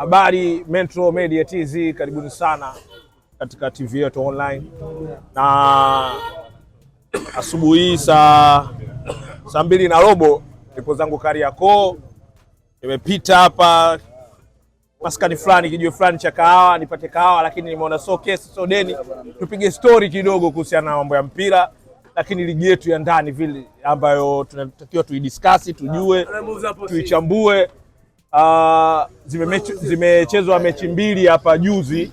Habari Metro Media TZ, karibuni sana katika TV yetu online, na asubuhi hii saa saa mbili na robo niko zangu Kariakoo, nimepita hapa maskani fulani, kijiwe fulani cha kahawa nipate kahawa, lakini nimeona so kesi so deni, tupige story kidogo kuhusiana na mambo ya mpira lakini ligi yetu ya ndani vile ambayo tunatakiwa tuidiscuss, tujue, tuichambue Ah, zimechezwa zime mechi mbili hapa juzi,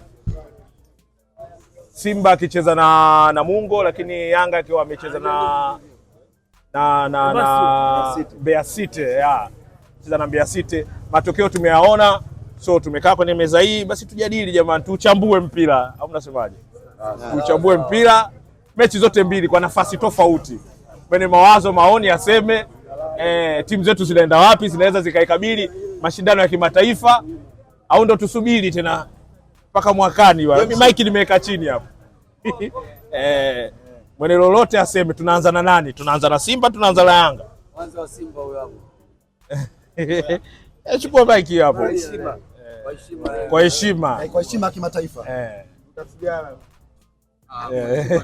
Simba akicheza na Namungo, lakini Yanga akiwa amecheza na na na, na Mbeya City Cheza na Mbeya City, matokeo tumeyaona, so tumekaa kwenye meza hii, basi tujadili jamani, tuchambue mpira au mnasemaje? Tuchambue mpira mechi zote mbili kwa nafasi tofauti, kwenye mawazo maoni yaseme, eh, timu zetu zinaenda wapi, zinaweza zikaikabili mashindano ya kimataifa au ndo tusubiri tena mpaka mwakani? Mimi mike nimeweka chini hapo eh, mwene lolote aseme. Tunaanza na nani? Tunaanza na Simba, tunaanza na Yanga? Kwanza wa Simba huyo hapo. eh, Chukua mike hapo. Kwa heshima. Kwa heshima. Eh. Kwa heshima eh, kimataifa. Eh. eh.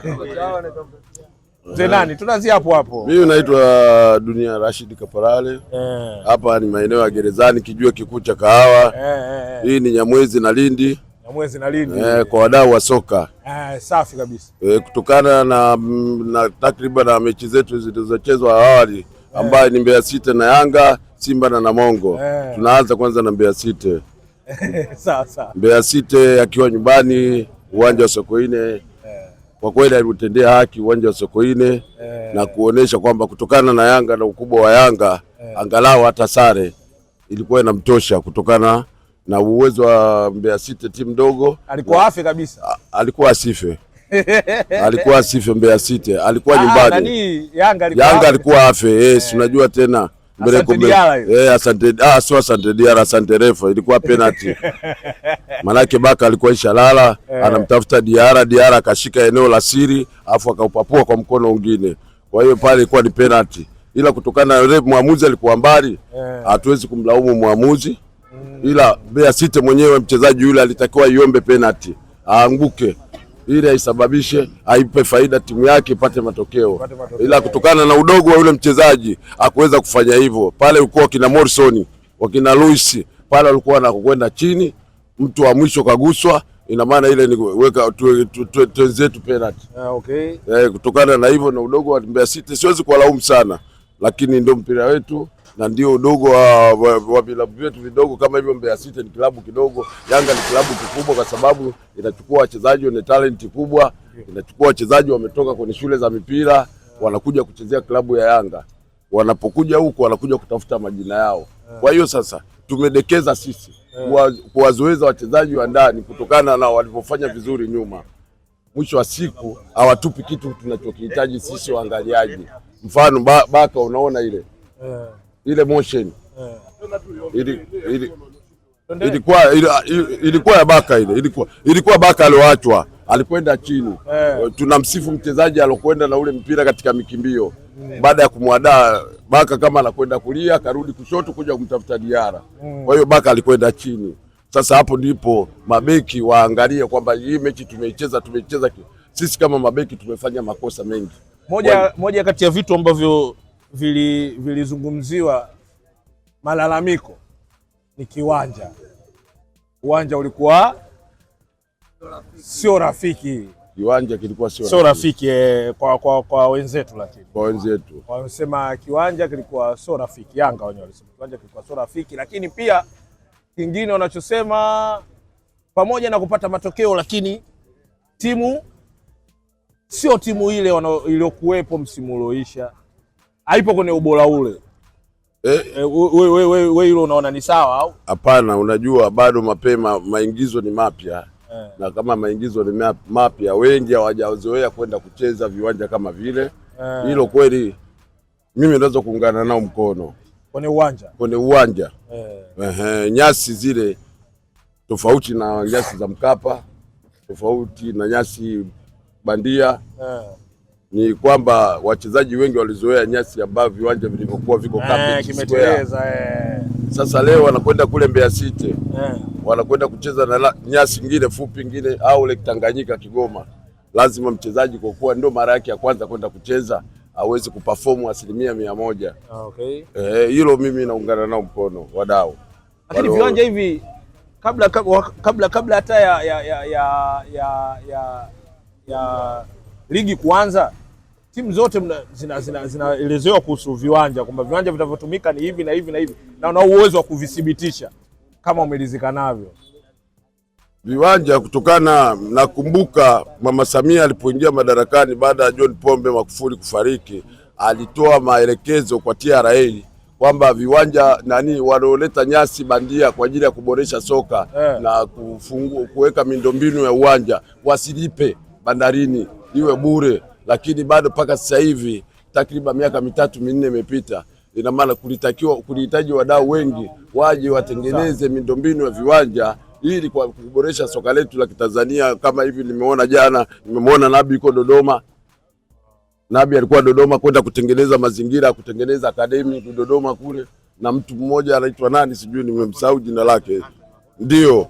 Mzee nani? Tunaanzia hapo hapo. Mimi naitwa Dunia Rashid Kaparale eh. hapa Ni maeneo ya gerezani kijua kikuu cha Kahawa eh, eh, eh. Hii ni Nyamwezi na Lindi, Nyamwezi na Lindi. Eh, kwa wadau wa soka eh, safi kabisa eh, kutokana na, na takriban na mechi zetu zilizochezwa awali eh. ambayo ni Mbeya City na Yanga, Simba na Namongo eh. Tunaanza kwanza na Mbeya City. Sasa Mbeya City akiwa nyumbani uwanja wa Sokoine kwa kweli aliutendea haki uwanja wa Sokoine eh, na kuonesha kwamba kutokana na Yanga na ukubwa wa Yanga eh, angalau hata sare ilikuwa inamtosha kutokana na uwezo wa Mbeya City timu ndogo. Alikuwa afi kabisa, alikuwa asife alikuwa asife Mbeya City, alikuwa ah, nyumbani. Yanga alikuwa afe, yes, eh, eh. unajua tena Eh, ah, asante Diara, asante refa, ilikuwa penalty manake Baka alikuwa ishalala eh. anamtafuta Diara, Diara akashika eneo la siri afu akaupapua kwa mkono mwingine, kwa hiyo pale ilikuwa ni penalty, ila kutokana na mwamuzi alikuwa mbali, eh. hatuwezi kumlaumu mwamuzi, mm. ila Bea City mwenyewe mchezaji yule alitakiwa iombe penalty aanguke ili aisababishe aipe faida timu yake ipate matokeo, ila kutokana na udogo wa yule mchezaji akuweza kufanya hivyo. Pale ulikuwa wakina Morrison wakina Luis pale walikuwa wanakwenda chini, mtu wa mwisho kaguswa, ina maana ile ni weka twenzetu penalty. Ah, okay. Eh, kutokana na hivyo na udogo wa Mbeya City siwezi kuwalaumu sana, lakini ndio mpira wetu na ndio udogo wa, wa, wa vilabu vyetu vidogo kama hivyo. Mbeya City ni klabu kidogo, Yanga ni klabu kikubwa, kwa sababu inachukua wachezaji wenye talenti kubwa, inachukua wachezaji wametoka kwenye shule za mipira, wanakuja kuchezea klabu ya Yanga. Wanapokuja huku wanakuja kutafuta majina yao. Kwa hiyo sasa tumedekeza sisi kuwazoeza wachezaji wa ndani kutokana na walivyofanya vizuri nyuma. Mwisho wa siku hawatupi kitu tunachokihitaji sisi waangaliaji. Mfano ba, baka unaona ile eh ile motion eh. ilikuwa ilikuwa ya baka ile ilikuwa ilikuwa baka alioachwa alikwenda chini yeah. Tunamsifu mchezaji alokwenda na ule mpira katika mikimbio yeah. Mm. Baada ya kumwadaa baka kama anakwenda kulia akarudi kushoto kuja kumtafuta Diara mm. Kwa hiyo baka alikwenda chini. Sasa hapo ndipo mabeki waangalie kwamba hii mechi tumeicheza, tumeicheza sisi kama mabeki tumefanya makosa mengi. Moja, moja kati ya vitu ambavyo vilizungumziwa malalamiko ni kiwanja. Uwanja ulikuwa sio rafiki, kiwanja kilikuwa sio rafiki eh, kwa, kwa, kwa wenzetu, lakini kwa wenzetu wamesema kiwanja kilikuwa sio rafiki. Yanga wenyewe walisema kiwanja kilikuwa sio rafiki, lakini pia kingine wanachosema pamoja na kupata matokeo, lakini timu sio timu ile iliyokuwepo msimu ulioisha haipo kwenye ubora ule wewe eh? eh, hilo unaona ni sawa au hapana? Unajua, bado mapema, maingizo ni mapya eh. Na kama maingizo ni mapya, wengi hawajazoea kwenda kucheza viwanja kama vile eh. hilo eh. Kweli mimi naweza kuungana nao mkono kwenye uwanja kwenye uwanja eh. Eh, nyasi zile tofauti na nyasi za Mkapa, tofauti na nyasi bandia eh ni kwamba wachezaji wengi walizoea nyasi ambayo viwanja vilivyokuwa viko eh, eh. Sasa leo wanakwenda kule Mbeya City eh, wanakwenda kucheza na nyasi ngine fupi ngine au ile Tanganyika Kigoma, lazima mchezaji kwa kuwa ndio mara yake ya kwanza kwenda kucheza awezi kuperform asilimia mia moja. Ah, okay. Eh, hilo mimi naungana nao mkono wadau, lakini viwanja hivi kabla kabla kabla hata ya, ya, ya, ya, ya, ya, ya ligi kuanza timu zote zinaelezewa zina, zina kuhusu viwanja kwamba viwanja vitavyotumika ni hivi na hivi na hivi, na una uwezo wa kuvithibitisha kama umelizika navyo viwanja kutokana. Nakumbuka Mama Samia alipoingia madarakani baada ya John Pombe Magufuli kufariki, alitoa maelekezo kwa TRA kwamba viwanja nani wanaoleta nyasi bandia kwa ajili ya kuboresha soka yeah, na kufungu, kuweka miundombinu ya uwanja wasilipe bandarini, iwe bure lakini bado mpaka sasa hivi takriban miaka mitatu minne imepita, ina maana kulitakiwa kulihitaji wadau wengi waje watengeneze miundombinu ya viwanja ili kwa kuboresha soka letu la Kitanzania. Kama hivi nimeona jana, nimemwona Nabi yuko Dodoma. Nabi alikuwa Dodoma kwenda kutengeneza mazingira ya kutengeneza akademi Dodoma kule, na mtu mmoja anaitwa nani, sijui nimemsahau jina lake, ndio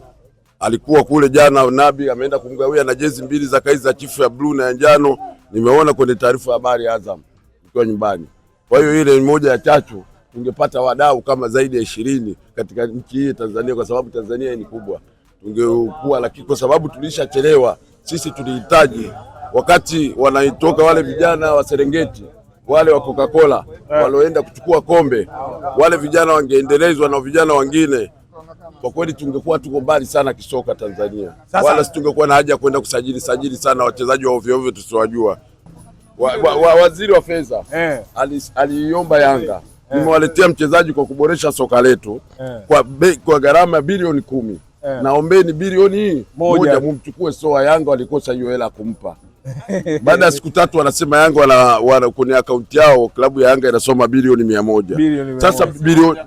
alikuwa kule jana. Nabi ameenda kumgawia na jezi mbili za kaiza chifu ya bluu na ya njano nimeona kwenye taarifa ya habari ya Azam ikiwa nyumbani. Kwa hiyo ile moja ya tatu tungepata wadau kama zaidi ya ishirini katika nchi hii Tanzania, kwa sababu Tanzania ni kubwa tungekuwa, lakini kwa sababu tulishachelewa sisi, tulihitaji wakati wanaitoka wale vijana wa Serengeti wale wa Coca-Cola eh. walioenda kuchukua kombe, wale vijana wangeendelezwa na vijana wengine kwa kweli tungekuwa tuko mbali sana kisoka Tanzania. Sasa, wala situngekuwa na haja ya kwenda kusajili sajili sana wachezaji wa ovyo ovyo tusiwajua. wa, wa, wa, waziri wa fedha eh, aliiomba Yanga nimewaletea mchezaji kwa kuboresha soka letu eh, kwa, kwa gharama ya bilioni kumi eh, naombeni bilioni hii moja mumchukue. Soa Yanga walikosa hiyo hela kumpa baada ya siku tatu wanasema Yanga wana, wana kwenye akaunti yao klabu ya Yanga inasoma bilioni mia moja sasa bilioni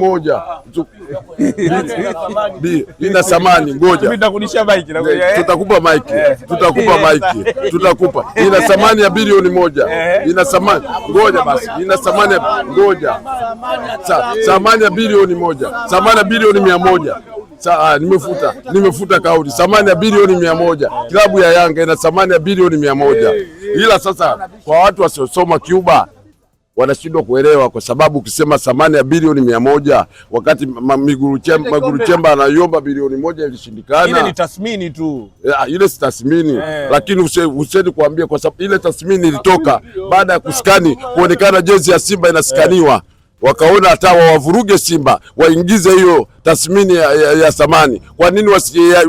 moja ah, ah. Yaani, ina thamani, ngoja eh, eh. tutakupa eh, tutakupa maiki tutakupa, ina thamani ya bilioni moja ina thamani, ngoja basi, ina thamani, ngoja thamani ya bilioni moja thamani ya bilioni mia moja Sa, ah, nimefuta nimefuta kauli thamani ya bilioni mia moja klabu ya Yanga ina thamani ya bilioni mia moja ila sasa kwa watu wasiosoma Cuba wanashindwa kuelewa kwa sababu ukisema thamani ya bilioni mia moja wakati Miguru Chemba anaiomba bilioni moja ilishindikana. Ile ni tathmini tu, ile si tathmini hey. Eh. Lakini useni kuambia kwa sababu ile tathmini ilitoka baada ya kuskani kuonekana jezi ya Simba inaskaniwa hey wakaona hata wawavuruge Simba, waingize hiyo tathmini ya, ya, ya thamani. Kwa nini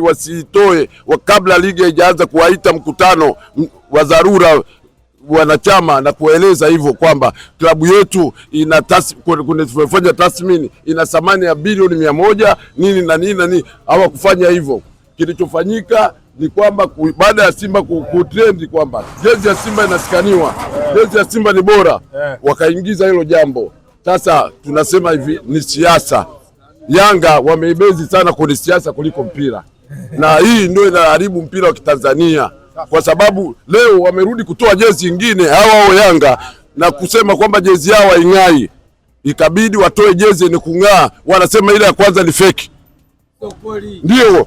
wasitoe kabla ligi haijaanza kuwaita mkutano wa dharura wanachama na kueleza hivyo kwamba klabu yetu tumefanya tathmini ina thamani ya bilioni mia moja nini na nini na nini. Hawakufanya hivyo. Kilichofanyika ni kwamba baada ya Simba kutrendi kwamba jezi ya Simba inasikaniwa, jezi ya Simba ni bora, eh. wakaingiza hilo jambo sasa tunasema hivi ni siasa. Yanga wameibezi sana kwenye siasa kuliko mpira, na hii ndio inaharibu mpira wa Kitanzania, kwa sababu leo wamerudi kutoa jezi nyingine hao hao Yanga na kusema kwamba jezi yao haing'ai, ikabidi watoe jezi yenye kung'aa. Wanasema ile ya kwanza ni feki, ndio